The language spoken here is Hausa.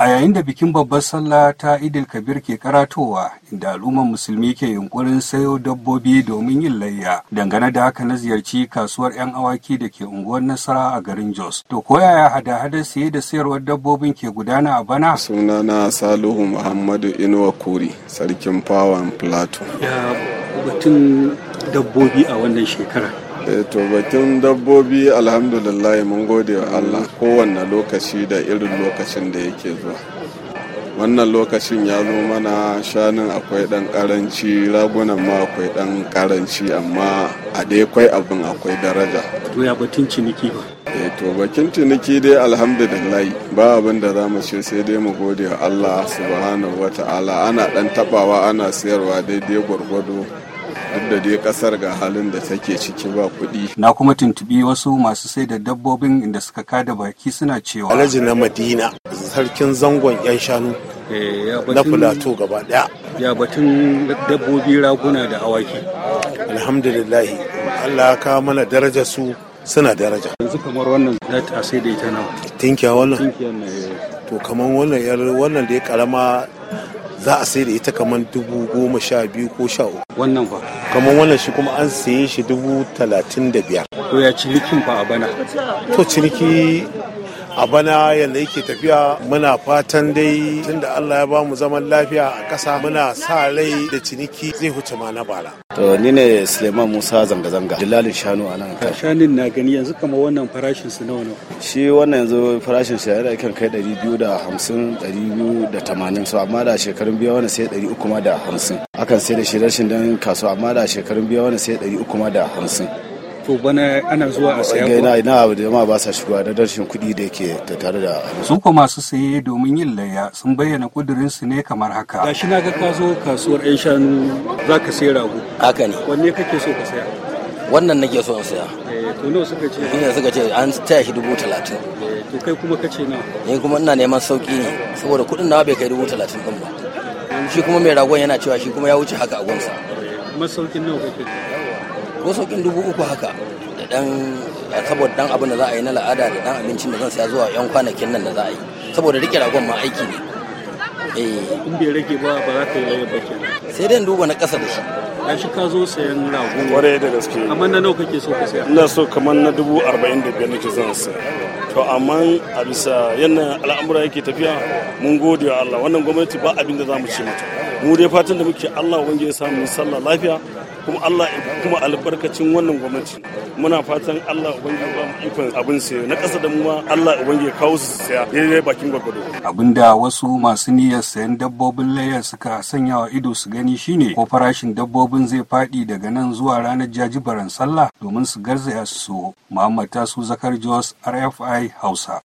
a yayin da bikin babbar sallah ta idil kabir ke karatowa inda al'ummar musulmi ke yunkurin sayo dabbobi domin yin layya dangane da haka na ziyarci kasuwar 'yan awaki da ke unguwar nasara a garin jos to koyaya hada hada siye da sayarwar dabbobin ke gudana a bana sunana salihu muhammadu inuwa kuri sarkin pawan plateau batun dabbobi a wannan shekara Eh, to batun dabbobi alhamdulillah mun gode wa allah kowanne lokaci da irin lokacin da yake zuwa wannan lokacin ya zo mana shanin akwai dan karanci ragunan ma akwai dan karanci amma a dai kwai abin akwai daraja to ya batun ciniki ba eh to bakin ciniki dai alhamdulillah ba abin da za mu ce sai dai mu gode wa Allah subhanahu wata'ala ana dan tabawa ana sayarwa dai gwargwado duk da dai kasar ga halin da take ciki ba kuɗi. Na kuma tuntubi wasu masu sai da dabbobin inda suka kada baki suna cewa. Alhaji na Madina sarkin zangon 'yan shanu eh, na filato gaba ɗaya. Ya batun dabbobi raguna da awaki. Alhamdulillahi Allah ya kawo mana daraja su suna daraja. Yanzu kamar wannan za ta sai da ita nawa. Tinkiya wannan. Eh. To kamar wannan yar wannan da ya karama za a sai da ita kamar dubu goma sha biyu ko sha uku. Wannan ba. kamar wannan shi kuma an saye shi dubu talatin da biyar to ya ciniki ba a bana to ciniki a bana yadda yake tafiya muna fatan dai tunda Allah ya bamu zaman lafiya a ƙasa muna sa rai da ciniki zai huce ma na bara. To ni ne Suleiman Musa zanga-zanga dillalin shanu a nan. Shanin na gani yanzu kama wannan farashin su nawa nawa. Shi wannan yanzu farashin shi yana kan kai ɗari biyu da hamsin ɗari biyu da tamanin su amma da shekarun biyu wani sai ɗari uku ma da hamsin. Akan sai da shi rashin dan kasuwa amma da shekarun biyu wani sai ɗari uku ma da hamsin. ko bana ana zuwa a saya ko. ina abu da jama'a ba sa shigowa da darshin kuɗi da yake tattare da su ko masu saye domin yin layya sun bayyana kudirin su ne kamar haka gashi na ga ka zo kasuwar ƴan shanu zaka sayi rago haka ne wanne kake so ka saya wannan nake so in saya eh, to nawa suka ce ina suka ce an taya shi dubu talatin eh, to kai kuma ka ce nawa ni kuma ina neman sauki ne saboda kuɗin nawa bai kai dubu talatin din ba shi kuma mai ragon yana cewa shi kuma ya wuce haka a gunsa eh, masaukin nawa kake ko saukin dubu uku haka da dan saboda dan abin da za a yi na la'ada da dan abincin da zan saya zuwa yan kwanakin nan da za a yi saboda rike ragon ma aiki ne eh in bai rage ba ba za ka yi layin ba sai dai duba na kasa da shi ya shi ka zo sayan ragon kwarai da gaske amma na nawa kake so ka saya ina so kamar na dubu arba'in da biyar nake zan saya to amma a bisa yanayin al'amura yake tafiya mun gode wa Allah wannan gwamnati ba abin da za mu ce mata mu dai fatan da muke Allah wanda ya samu sallah lafiya kuma Allah kuma albarkacin wannan gwamnati muna fatan Allah ubangi ya bamu ikon abin sayo na kasa da mu ma Allah ubangi ya kawo su saya daidai bakin gwagwado abinda wasu masu niyyar sayan dabbobin layar suka sanya wa ido su gani shine ko farashin dabbobin zai faɗi daga nan zuwa ranar jajibaran sallah domin su garzaya su so Muhammad Tasu Zakar Jos RFI Hausa